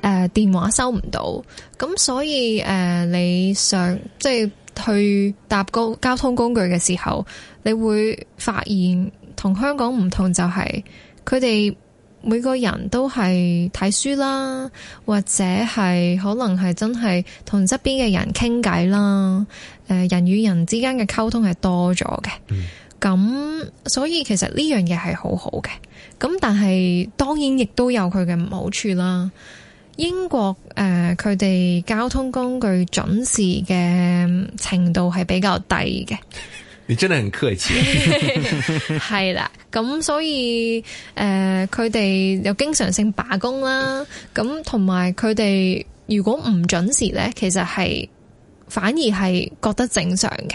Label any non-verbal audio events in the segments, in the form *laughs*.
誒、呃，電話收唔到，咁所以誒、呃，你上即係去搭公交通工具嘅時候，你會發現同香港唔同，就是，就係佢哋每個人都係睇書啦，或者係可能係真係同側邊嘅人傾偈啦。誒、呃，人與人之間嘅溝通係多咗嘅，咁、嗯、所以其實呢樣嘢係好好嘅。咁但係當然亦都有佢嘅唔好處啦。英國誒，佢、呃、哋交通工具準時嘅程度係比較低嘅。你真係很客氣，係 *laughs* 啦。 *laughs* 咁、嗯、所以誒，佢、呃、哋有經常性罷工啦。咁同埋佢哋如果唔準時呢，其實係反而係覺得正常嘅。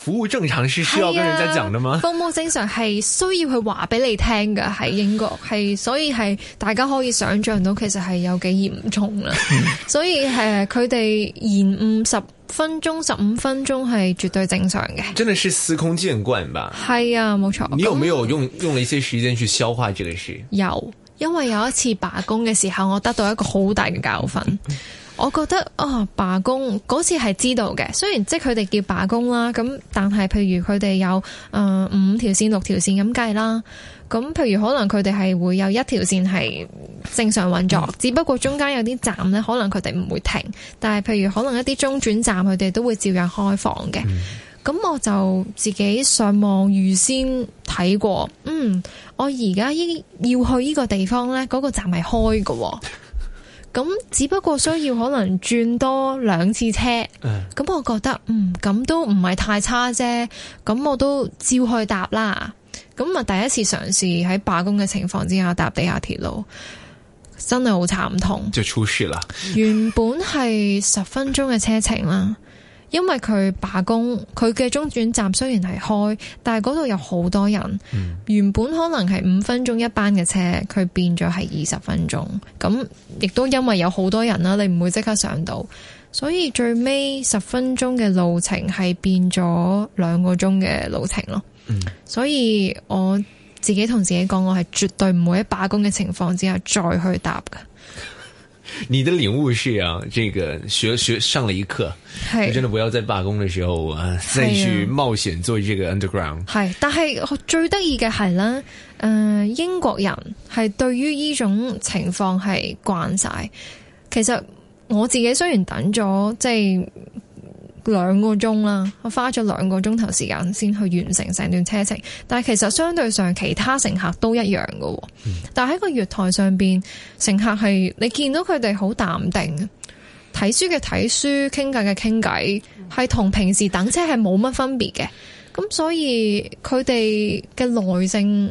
服務，啊、服務正常是需要跟人家講的嗎？服務正常係需要去話俾你聽嘅，喺英國係，所以係大家可以想象到其實係有幾嚴重啦。 *laughs* 所以誒，佢哋延誤十分鐘、十五分鐘係絕對正常嘅。真的是司空見慣吧？係啊，冇錯。你有沒有用用了一些時間去消化這個事？有，因為有一次罷工嘅時候，我得到一個好大嘅教訓。 *laughs* 我覺得啊、哦，罷工嗰次係知道嘅，雖然即係佢哋叫罷工啦，咁但係譬如佢哋有誒、呃、五條線、六條線咁計啦，咁譬如可能佢哋係會有一條線係正常運作、嗯，只不過中間有啲站咧，可能佢哋唔會停，但係譬如可能一啲中轉站佢哋都會照樣開放嘅。咁、嗯、我就自己上網預先睇過，嗯，我而家呢要去呢個地方咧，嗰、那個站係開㗎喎。咁只不過需要可能轉多兩次車，咁、嗯、我覺得嗯咁都唔係太差啫，咁我都照去搭啦。咁啊第一次嘗試喺罷工嘅情況之下搭地下鐵路，真係好慘痛。就出事啦！原本係十分鐘嘅車程啦。因為佢罷工，佢嘅中轉站雖然係開，但係嗰度有好多人。嗯、原本可能係五分鐘一班嘅車，佢變咗係二十分鐘。咁亦都因為有好多人啦，你唔會即刻上到，所以最尾十分鐘嘅路程係變咗兩個鐘嘅路程咯。嗯、所以我自己同自己講，我係絕對唔會喺罷工嘅情況之下再去搭嘅。你的領悟是啊，這個學學上了一課，就真的不要在罷工的時候，啊啊、再去冒險做這個 underground。係，但係最得意嘅係呢，誒、呃，英國人係對於呢種情況係慣晒。其實我自己雖然等咗，即係。兩個鐘啦，我花咗兩個鐘頭時間先去完成成段車程，但係其實相對上其他乘客都一樣喎。但係喺個月台上邊，乘客係你見到佢哋好淡定，睇書嘅睇書，傾偈嘅傾偈，係同平時等車係冇乜分別嘅，咁所以佢哋嘅耐性。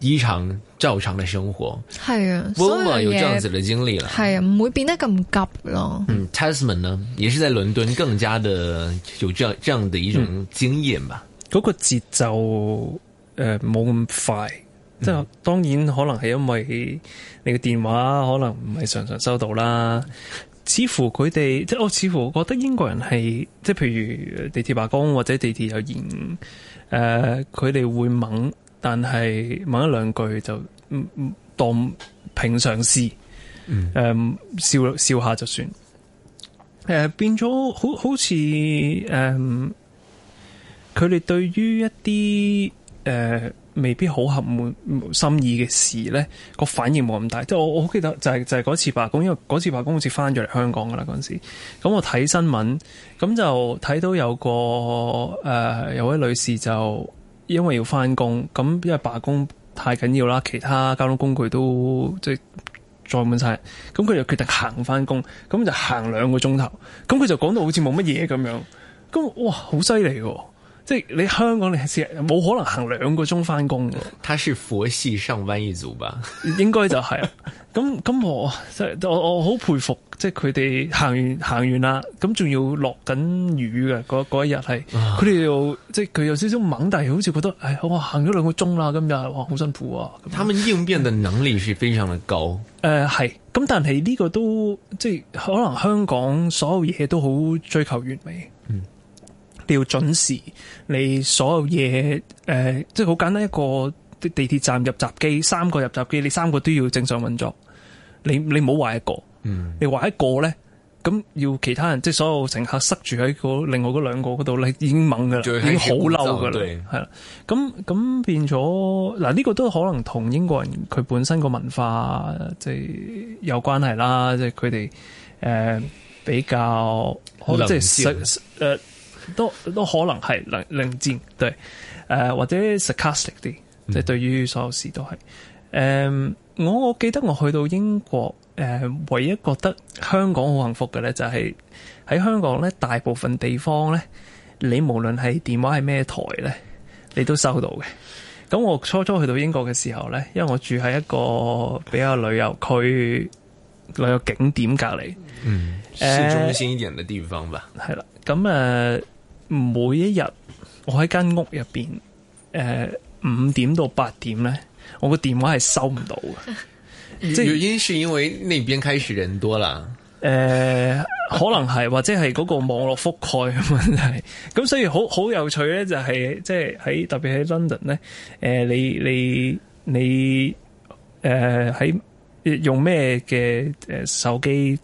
依常照常嘅生活，係啊，溫瑪有這樣子的經歷啦，係啊，唔會變得咁急咯。嗯，testman 呢，也是在倫敦更加的有這樣這樣的一種經驗吧。嗰、嗯那個節奏誒冇咁快，嗯、即係當然可能係因為你嘅電話可能唔係常常收到啦。似乎佢哋即係我似乎覺得英國人係即係譬如地鐵罷工或者地鐵有延，誒佢哋會猛。但係問一兩句就唔唔當平常事，嗯，嗯笑笑下就算。誒、呃、變咗好好似誒，佢、呃、哋對於一啲誒、呃、未必好合滿心意嘅事咧，個反應冇咁大。即係我我好記得就係、是、就係、是、嗰次罷工，因為嗰次罷工好似翻咗嚟香港噶啦嗰陣時。咁我睇新聞，咁就睇到有個誒、呃、有位女士就。因為要翻工，咁因為罷工太緊要啦，其他交通工具都即係載滿晒，咁佢就決定行翻工，咁就行兩個鐘頭，咁佢就講到好似冇乜嘢咁樣，咁哇好犀利喎。即係你香港，你其實冇可能行兩個鐘翻工。他是佛系上班一族吧？應該就係、是。咁 *laughs* 咁我即係我我好佩服，即係佢哋行完行完啦，咁仲要落緊雨嘅嗰嗰一日係，佢哋又即係佢有少少猛，但係好似覺得唉，我、哎、行咗兩個鐘啦，今日哇好辛苦啊！他們應變的能力是非常的高。誒、嗯、係、呃。咁但係呢個都即係可能香港所有嘢都好追求完美。你要準時，你所有嘢、呃、即係好簡單一個地鐵站入閘機，三個入閘機，你三個都要正常運作。你你唔好壞一個，嗯、你壞一個咧，咁要其他人即係所有乘客塞住喺另外嗰兩個嗰度，你已經猛噶啦，已經好嬲噶啦，係啦。咁咁變咗嗱，呢、呢個都可能同英國人佢本身個文化即係有關係啦，即係佢哋誒比較即係都都可能係零零戰，對誒、呃，或者 sarcastic 啲，即、嗯、係、就是、對於所有事都係誒、呃，我我記得我去到英國誒、呃，唯一覺得香港好幸福嘅咧，就係喺香港咧，大部分地方咧，你無論係電話係咩台咧，你都收到嘅。咁我初初去到英國嘅時候咧，因為我住喺一個比較旅遊區、旅遊景點隔離，嗯，市中心一點嘅地方吧。係、呃、啦，咁誒、呃。每一日我喺間屋入邊，誒、呃、五點到八點咧，我個電話係收唔到嘅。 *laughs* 即係原因係因為那邊開始人多啦。誒、呃，可能係或者係嗰個網絡覆蓋嘅問題。咁 *laughs* 所以好好有趣咧，就係即係喺特別喺 London 咧，誒，你你你誒喺用咩嘅誒手機？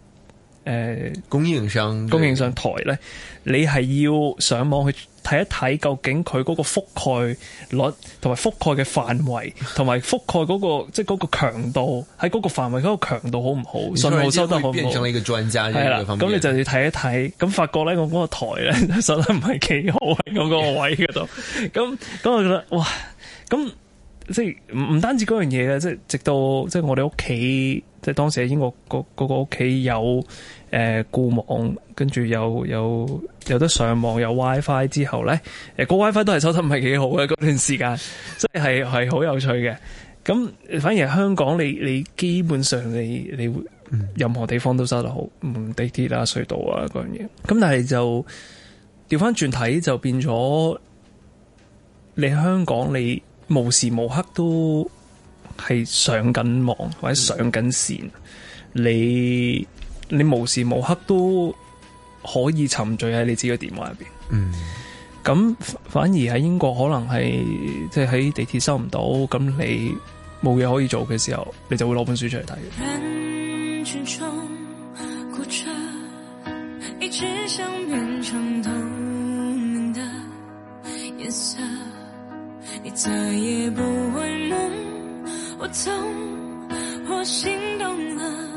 誒、呃、供應商供應商台咧，你係要上網去睇一睇，究竟佢嗰個覆蓋率同埋覆蓋嘅範圍，同埋覆蓋嗰、嗰個即係嗰個強度，喺嗰個範圍嗰個強度好唔好？ *laughs* 信號收得好唔好？變成呢一個專家係啦，咁你就要睇一睇，咁發覺咧，我、嗰、嗰個台咧實質唔係幾好喺嗰個位嗰度。咁 *laughs* 咁 *laughs* 我覺得哇，咁即係唔唔單止嗰樣嘢嘅，即係直到即係我哋屋企，即係當時喺英國嗰嗰、嗰個屋企有。誒，固網跟住有有有得上網有 WiFi 之後呢，誒、個 WiFi 都係收得唔係幾好嘅嗰段時間，即係係係好有趣嘅。咁反而香港你你基本上你你任何地方都收得好，唔地鐵啊隧道啊嗰樣嘢。咁但係就調翻轉睇就變咗，你香港你無時無刻都係上緊網或者上緊線、嗯，你。你無時無刻都可以沉醉喺你自己嘅電話入邊，咁、嗯、反而喺英國可能係即係喺地鐵收唔到，咁你冇嘢可以做嘅時候，你就會攞本書出嚟睇。人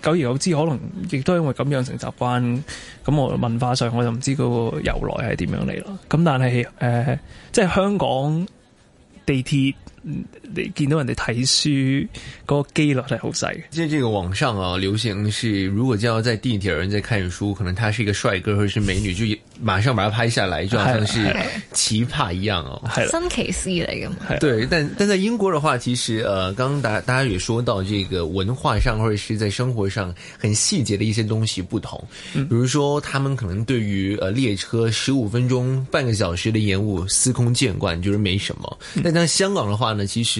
久而久之，可能亦都因為咁樣成習慣，咁我文化上我就唔知嗰個由來係點樣嚟咯。咁但係，呃，即係香港地鐵。你見到人哋睇書個幾率係好細嘅。即係這個網上啊，流行是如果見到在地鐵人在看書，可能他是一個帥哥或者是美女，就馬上把他拍下來，就好像是奇葩一樣哦。係、 *laughs* 啊啊、新奇事嚟嘅嘛？對，但但在英國的話，其實呃剛剛大大家也說到，這個文化上或者是在生活上，很細節的一些東西不同。嗯，比如說，他們可能對於呃列車十五分鐘、半個小時的延誤司空見慣，就是沒什麼。但在香港的話呢，其實。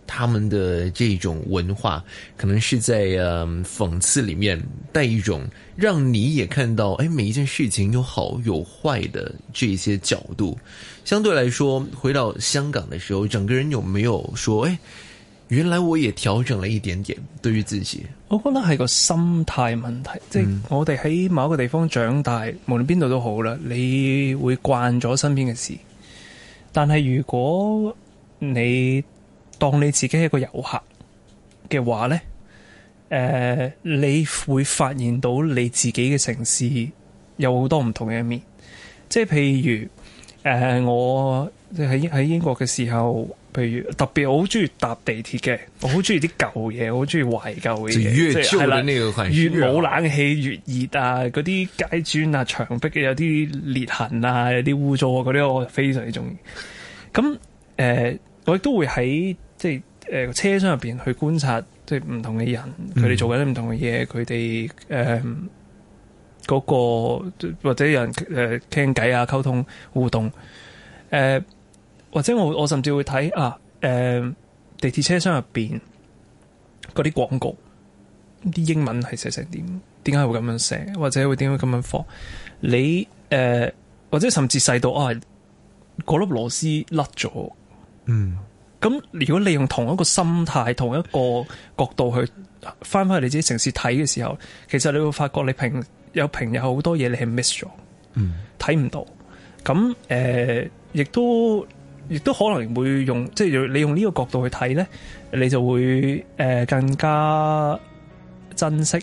他們的這種文化，可能是在、呃、諷刺裏面帶一種，讓你也看到，誒、哎，每一件事情有好有壞的這些角度。相對來說，回到香港的時候，整個人有沒有說，誒、哎，原來我也調整了一點點對於自己。我覺得係個心態問題，嗯、即係我哋喺某個地方長大，無論邊度都好啦，你會慣咗身邊嘅事，但係如果你。當你自己係一個遊客嘅話咧，誒、呃，你會發現到你自己嘅城市有好多唔同嘅一面，即係譬如誒、呃，我喺喺英國嘅時候，譬如特別我好中意搭地鐵嘅，我好中意啲舊嘢，好中意懷舊嘅嘢，越冇冷氣越熱啊，嗰啲街磚啊、牆壁嘅有啲裂痕啊、有啲污糟啊，嗰啲我非常之中意。咁誒、呃，我亦都會喺。誒車廂入邊去觀察，即係唔同嘅人，佢、嗯、哋做緊啲唔同嘅嘢，佢哋誒嗰個或者有人誒傾偈啊、溝通互動，誒、呃、或者我我甚至會睇啊誒、呃、地鐵車廂入邊嗰啲廣告，啲英文係寫成點？點解會咁樣寫？或者會點樣咁樣放？你誒、呃、或者甚至細到啊，嗰粒螺絲甩咗，嗯。咁如果你用同一個心態、同一個角度去翻翻去你自己城市睇嘅時候，其實你會發覺你平有平有好多嘢你係 miss 咗，睇、嗯、唔到。咁誒、呃，亦都亦都可能會用即係你用呢個角度去睇咧，你就會誒、呃、更加珍惜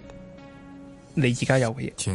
你而家有嘅嘢。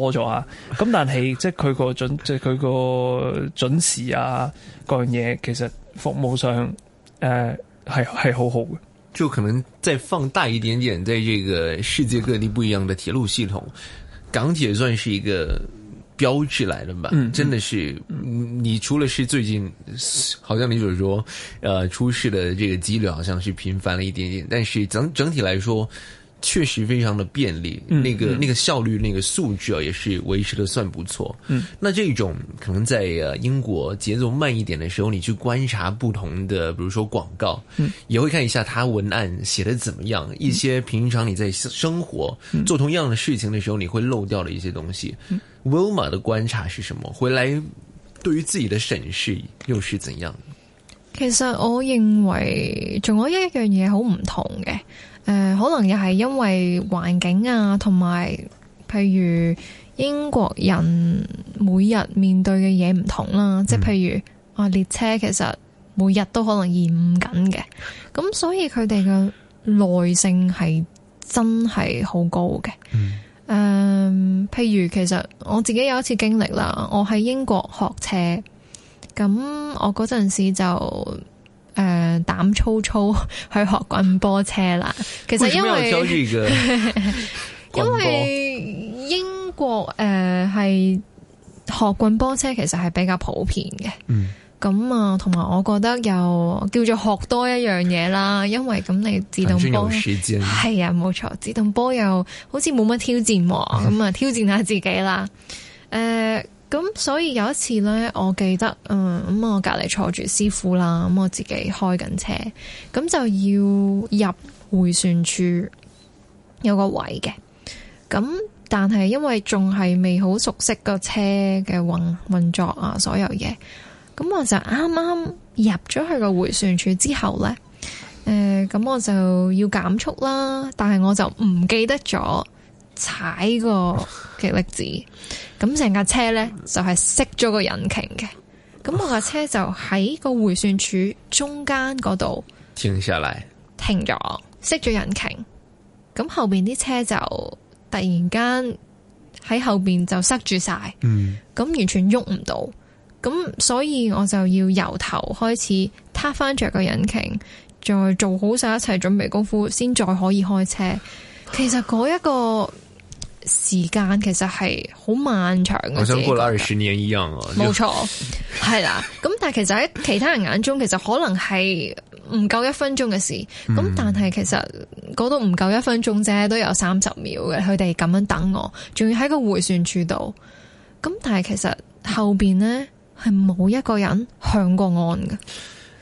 多咗啊！咁但係即係佢個準，即係佢個準時啊，各樣嘢其實服務上誒係係好好嘅。就可能再放大一點點，在這個世界各地不一樣的鐵路系統，港鐵算是一個標誌嚟的嘛。真的是，你除了是最近，好像你所說，呃，出事的這個幾率好像是頻繁了一點點，但是整整體來說。確實非常的便利，那個那個效率，那個素質啊，也是維持得算不錯。嗯，那這種可能在英國節奏慢一點的時候，你去觀察不同的，比如說廣告，嗯，也會看一下他文案寫的怎麼樣。嗯，一些平常你在生活做同樣的事情的時候，嗯，你會漏掉的一些東西。嗯，Wilma 的觀察是什麼？回來對於自己的審視又是怎樣？其實我認為，仲有一樣嘢好唔同嘅。誒、呃，可能又係因為環境啊，同埋譬如英國人每日面對嘅嘢唔同啦，即、嗯、係譬如啊列車，其實每日都可能延誤緊嘅，咁所以佢哋嘅耐性係真係好高嘅。嗯、呃、譬如其實我自己有一次經歷啦，我喺英國學車，咁我嗰陣時就，誒、呃，膽粗粗去學棍波車啦！其實因為，為這個 *laughs* 因為英國誒係、呃、學棍波車，其實係比較普遍嘅。嗯，咁啊，同埋我覺得又叫做學多一樣嘢啦。因為咁你自動波係啊，冇錯，自動波又好似冇乜挑戰喎。咁啊，挑戰下自己啦。誒、呃。咁所以有一次呢，我記得，嗯，咁我隔離坐住師傅啦，咁我自己開緊車，咁就要入回旋處有個位嘅，咁但係因為仲係未好熟悉個車嘅運運作啊，所有嘢，咁我就啱啱入咗去個回旋處之後呢，誒、呃，咁我就要減速啦，但係我就唔記得咗。踩個極力子，咁成架車呢，就係熄咗個引擎嘅，咁我架車就喺個回旋處中間嗰度停下來，停咗熄咗引擎，咁後邊啲車就突然間喺後邊就塞住晒，咁、嗯、完全喐唔到，咁所以我就要由頭開始撻翻着個引擎，再做好晒一切準備功夫，先再可以再開車。其實嗰、那、一個。時間其實係好漫長嘅，啊，我想過了二十年一樣啊，冇錯，係 *laughs* 啦。咁但係其實喺其他人眼中，其實可能係唔夠一分鐘嘅事。咁、嗯、但係其實嗰度唔夠一分鐘啫，都有三十秒嘅。佢哋咁樣等我，仲要喺個回旋處度。咁但係其實後邊呢，係冇一個人響過安嘅。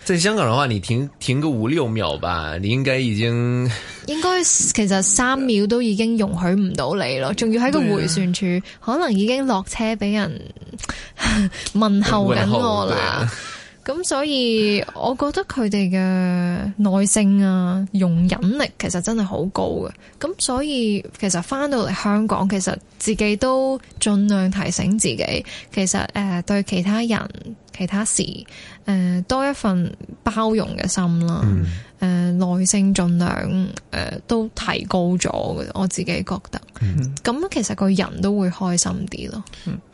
在香港的話，你停停個五六秒吧，你應該已經，應該其實三秒都已經容許唔到你咯，仲要喺個回旋處，啊、可能已經落車俾人 *laughs* 問候緊我啦。我咁所以，我覺得佢哋嘅耐性啊、容忍力其實真係好高嘅。咁所以，其實翻到嚟香港，其實自己都盡量提醒自己，其實誒、呃、對其他人、其他事誒、呃、多一份包容嘅心啦。誒、嗯呃、耐性盡量誒、呃、都提高咗，我自己覺得。咁其實個人都會開心啲咯。嗯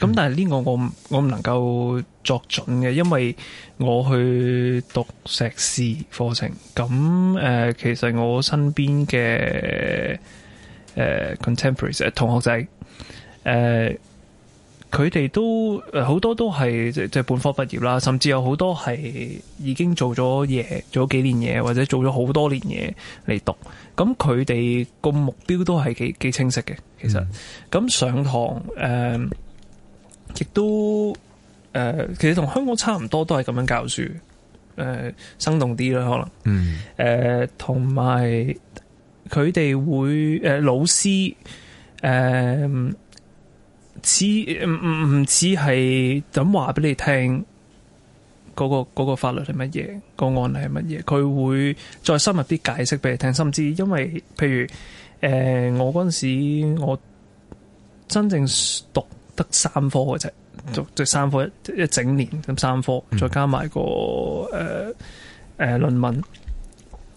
咁、嗯，但係呢個我我唔能夠作準嘅，因為我去讀碩士課程。咁誒、呃，其實我身邊嘅誒、呃、contemporaries 同學仔誒，佢、呃、哋都好、呃、多都係即係本科畢業啦，甚至有好多係已經做咗嘢，做咗幾年嘢，或者做咗好多年嘢嚟讀。咁佢哋個目標都係幾幾清晰嘅。其實咁、嗯、上堂誒。呃亦都誒、呃，其實同香港差唔多，都係咁樣教書，誒、呃，生動啲啦，可能，嗯誒，同埋佢哋會誒、呃，老師誒、呃，似唔唔唔似係咁話俾你聽、嗰個、嗰個法律係乜嘢，嗰個案例係乜嘢，佢會再深入啲解釋俾你聽，甚至因為譬如誒、呃，我陣時我真正讀。得三科嘅啫，讀、嗯、即三科一一整年咁三科，再加埋個誒誒論文。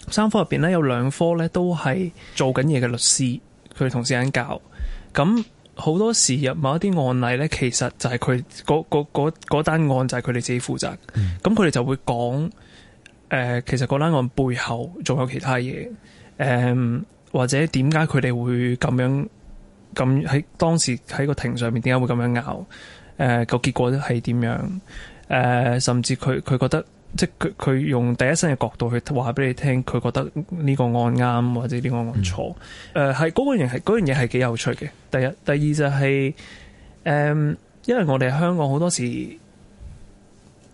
三科入邊咧有兩科咧都係做緊嘢嘅律師，佢哋同時間教。咁好多時入某一啲案例咧，其實就係佢嗰嗰嗰單案就係佢哋自己負責。咁佢哋就會講，誒、呃，其實嗰單案背後仲有其他嘢，誒、呃，或者點解佢哋會咁樣？咁喺當時喺個庭上面點解會咁樣拗？誒、呃、個結果係點樣？誒、呃、甚至佢佢覺得即係佢佢用第一身嘅角度去話俾你聽，佢覺得呢個案啱，或者呢個案錯。誒，係嗰個人係嗰樣嘢係幾有趣嘅。第一第二就係、是、誒、呃，因為我哋香港好多時誒、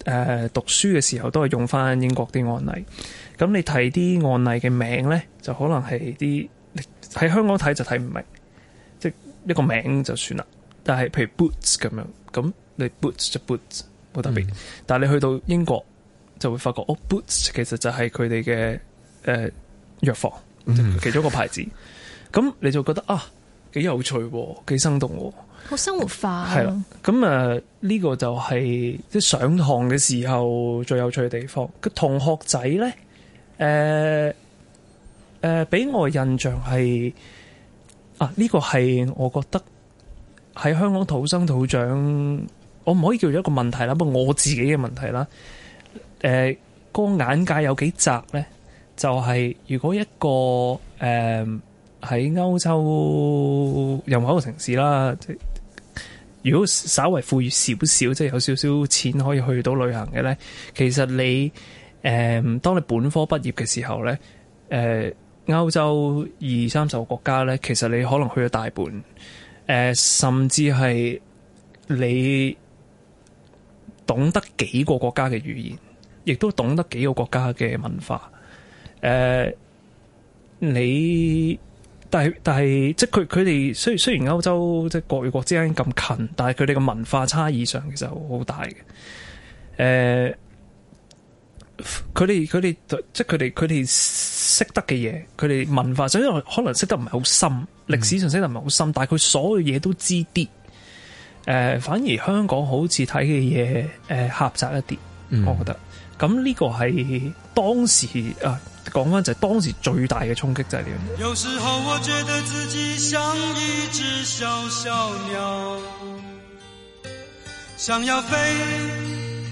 呃、讀書嘅時候都係用翻英國啲案例。咁你睇啲案例嘅名咧，就可能係啲喺香港睇就睇唔明。一、呢個名字就算啦，但係譬如 Boots 咁樣，咁你 Boots 就 Boots 冇特別，嗯、但係你去到英國就會發覺，哦、oh,，Boots 其實就係佢哋嘅誒藥房，呃嗯、其中一個牌子，咁、嗯、你就覺得 *laughs* 啊，幾有趣，幾生動，好生活化、啊。係啦，咁啊呢個就係即係上堂嘅時候最有趣嘅地方。個同學仔咧，誒誒俾我印象係。啊！呢、這個係我覺得喺香港土生土長，我唔可以叫做一個問題啦，不過我自己嘅問題啦。誒、呃，那個、眼界有幾窄呢？就係、是、如果一個誒喺、呃、歐洲任何一個城市啦，如果稍為富裕少少，即、就、係、是、有少少錢可以去到旅行嘅呢，其實你誒、呃，當你本科畢業嘅時候呢。誒、呃。歐洲二三十個國家呢，其實你可能去咗大半，誒、呃，甚至係你懂得幾個國家嘅語言，亦都懂得幾個國家嘅文化，誒、呃，你但係但係即係佢佢哋雖雖然歐洲即係國與國之間咁近，但係佢哋嘅文化差異上其實好大嘅，誒、呃。佢哋佢哋即係佢哋佢哋識得嘅嘢，佢哋文化，所以可能識得唔係好深，歷史上識得唔係好深，嗯、但係佢所有嘢都知啲。誒、呃，反而香港好似睇嘅嘢，誒、呃，狹窄一啲，嗯，我覺得。咁呢個係當時啊，講返就係當時最大嘅衝擊就係點？有時候我覺得自己像一隻小小鳥，想要飛。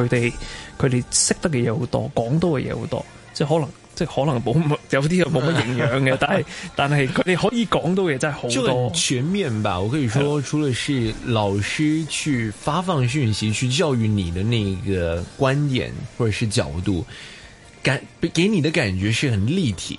佢哋佢哋識得嘅嘢好多，講到嘅嘢好多，即係可能即係可能冇乜，有啲又冇乜營養嘅，但係但係佢哋可以講到嘢，真係好多全面吧。我可以說，除了是老師去發放訊息， *laughs* 去教育你的那個觀點或者是角度，感給你的感覺是很立體。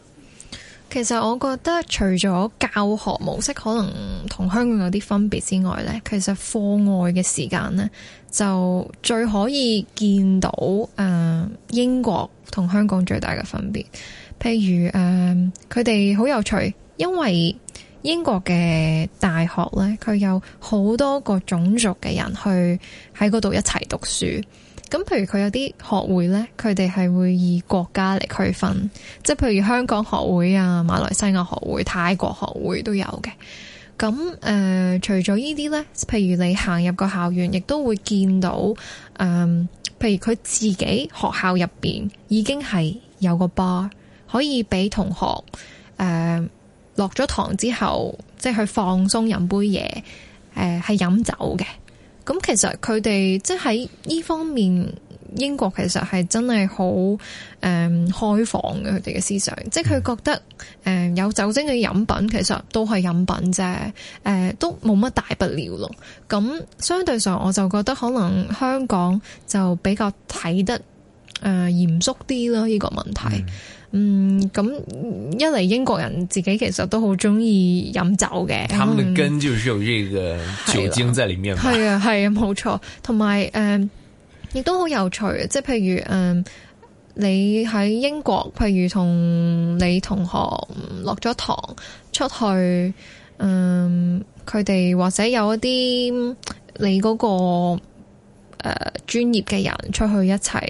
其實我覺得，除咗教學模式可能同香港有啲分別之外呢，其實課外嘅時間呢，就最可以見到、呃、英國同香港最大嘅分別。譬如誒，佢哋好有趣，因為英國嘅大學呢，佢有好多個種族嘅人去喺嗰度一齊讀書。咁，譬如佢有啲學會呢，佢哋係會以國家嚟區分，即係譬如香港學會啊、馬來西亞學會、泰國學會都有嘅。咁、呃、除咗呢啲呢，譬如你行入個校園，亦都會見到、呃、譬如佢自己學校入面已經係有個 bar，可以俾同學、呃、落咗堂之後，即係去放鬆飲杯嘢，係、呃、飲酒嘅。咁其實佢哋即喺呢方面，英國其實係真係好、嗯、開放嘅佢哋嘅思想，即係佢覺得、嗯、有酒精嘅飲品其實都係飲品啫、嗯，都冇乜大不了咯。咁相對上，我就覺得可能香港就比較睇得、呃、嚴肅啲囉，呢個問題。嗯。嗯，咁一嚟英國人自己其實都好中意飲酒嘅。他們的根就是有這個酒精在裏面。係、嗯、啊，係啊，冇錯。同埋誒，亦、嗯、都好有趣，即係譬如誒、嗯，你喺英國，譬如同你同學落咗堂出去，嗯，佢哋或者有一啲你嗰個誒專業嘅人出去一齊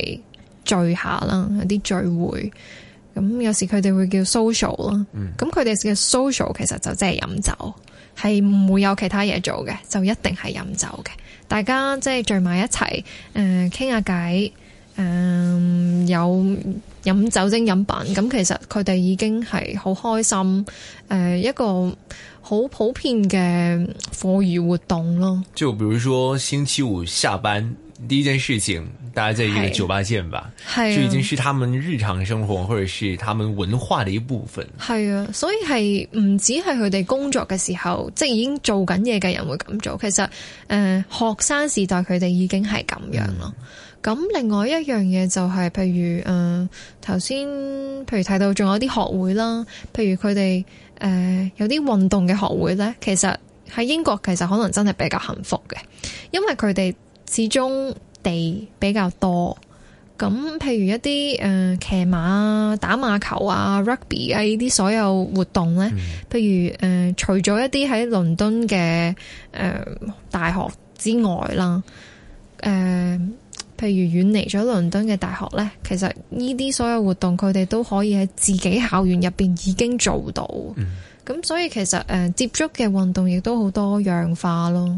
聚一下啦，有啲聚會。咁有時佢哋會叫 social 咯、嗯，咁佢哋嘅 social 其實就即係飲酒，係唔會有其他嘢做嘅，就一定係飲酒嘅。大家即係聚埋一齊，誒、呃，傾下偈，嗯、呃，有飲酒精飲品，咁其實佢哋已經係好開心，誒、呃，一個好普遍嘅課餘活動咯。就比如說星期五下班，第一件事情，大家在一個酒吧見吧是、啊是啊，就已經是他們日常生活，或者是他們文化的一部分。係啊，所以係唔止係佢哋工作嘅時候，即、就、係、是、已經做緊嘢嘅人會咁做。其實誒、呃，學生時代佢哋已經係咁樣咯。咁、嗯、另外一樣嘢就係、是，譬如誒頭先，譬如睇到仲有啲學會啦，譬如佢哋誒有啲運動嘅學會咧，其實喺英國其實可能真係比較幸福嘅，因為佢哋。始終地比較多，咁譬如一啲誒騎馬打馬球啊、Rugby 啊呢啲所有活動呢、嗯、譬如誒、呃、除咗一啲喺倫敦嘅誒、呃、大學之外啦，誒、呃、譬如遠離咗倫敦嘅大學呢，其實呢啲所有活動佢哋都可以喺自己校園入邊已經做到，咁、嗯、所以其實誒、呃、接觸嘅運動亦都好多樣化咯。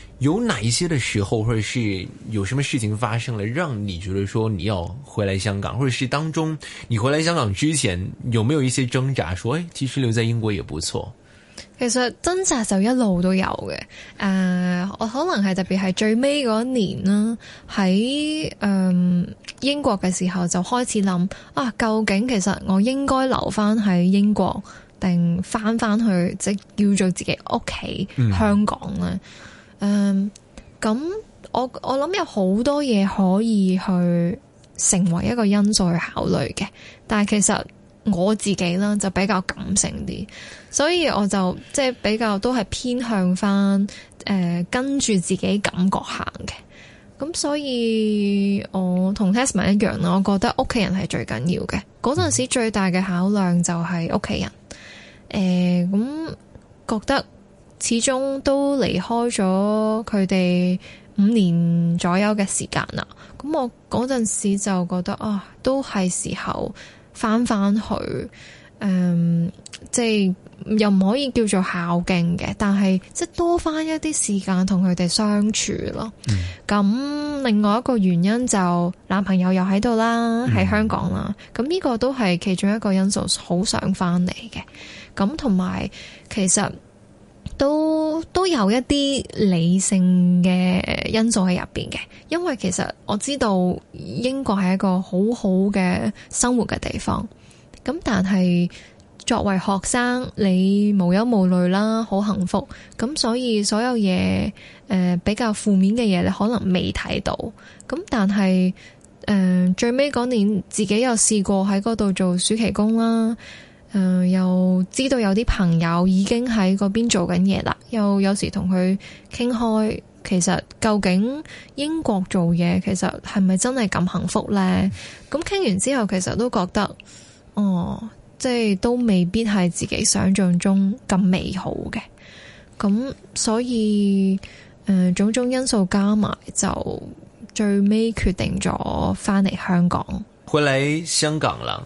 有哪一些的時候，或者是有什麼事情發生了，讓你覺得說你要回來香港，或者是當中你回來香港之前，有沒有一些掙扎？說，誒，其實留在英國也不錯。其實掙扎就一路都有嘅。誒、呃，我可能係特別係最尾嗰年啦，喺誒、呃、英國嘅時候就開始諗啊，究竟其實我應該留翻喺英國，定翻翻去即、就是、叫做自己屋企、嗯、香港咧？嗯、uh，咁我我諗有好多嘢，可以去成為一個因素去考慮嘅，但係其實我自己啦就比較感性啲，所以我就即係、就是、比較都係偏向翻，誒、uh, 跟住自己感覺行嘅，咁所以我同 Tesman 一樣啦，我覺得屋企人係最緊要嘅，嗰陣時最大嘅考量就係屋企人，誒、uh, 咁覺得。始終都離開咗佢哋五年左右嘅時間啦。咁我嗰陣時就覺得啊，都係時候翻翻去，嗯，即係又唔可以叫做孝敬嘅，但係即係多翻一啲時間同佢哋相處咯。咁、嗯、另外一個原因就、男朋友又喺度啦，喺、嗯、香港啦，咁呢個都係其中一個因素，好想翻嚟嘅。咁同埋其實。都都有一啲理性嘅因素喺入邊嘅，因為其實我知道英國係一個好好嘅生活嘅地方，咁但係作為學生你無憂無慮啦，好幸福，咁所以所有嘢，誒、呃、比較負面嘅嘢你可能未睇到，咁但係誒、呃、最尾嗰年自己又試過喺嗰度做暑期工啦。誒、呃，又知道有啲朋友已經喺嗰邊做緊嘢啦，又有時同佢傾開，其實究竟英國做嘢其實係咪真係咁幸福呢？咁傾完之後，其實都覺得，哦、呃，即係都未必係自己想象中咁美好嘅。咁所以，誒、呃，種種因素加埋，就最尾決定咗返嚟香港。回嚟香港啦。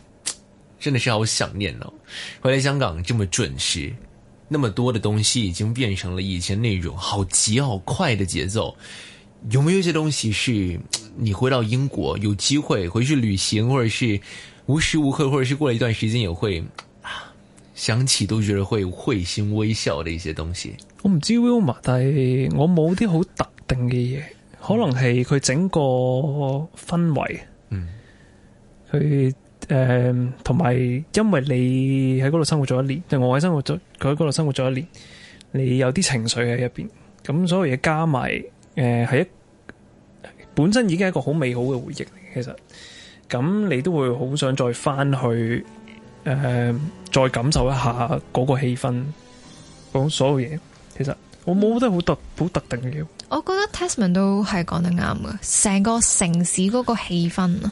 真的是好想念哦，回來香港這麼準時，那麼多的東西已經變成了以前那種好急好快的節奏。有沒有一些東西是你回到英國有機會回去旅行，或者是無時無刻，或者是過了一段時間也會啊想起都覺得會會心微笑的一些東西？我唔知 Wilma 但係我冇啲好特定嘅嘢，可能係佢整個氛圍，嗯，佢。誒、嗯，同埋，因為你喺嗰度生活咗一年，即係、我喺生活咗，佢喺嗰度生活咗一年，你有啲情緒喺入邊，咁所有嘢加埋，誒、呃，係一本身已經係一個好美好嘅回憶，其實，咁你都會好想再翻去，誒、呃，再感受一下嗰個氣氛，講所有嘢，其實我冇得好特好特定嘅。我覺得 Testman 都係講得啱嘅，成個城市嗰個氣氛啊。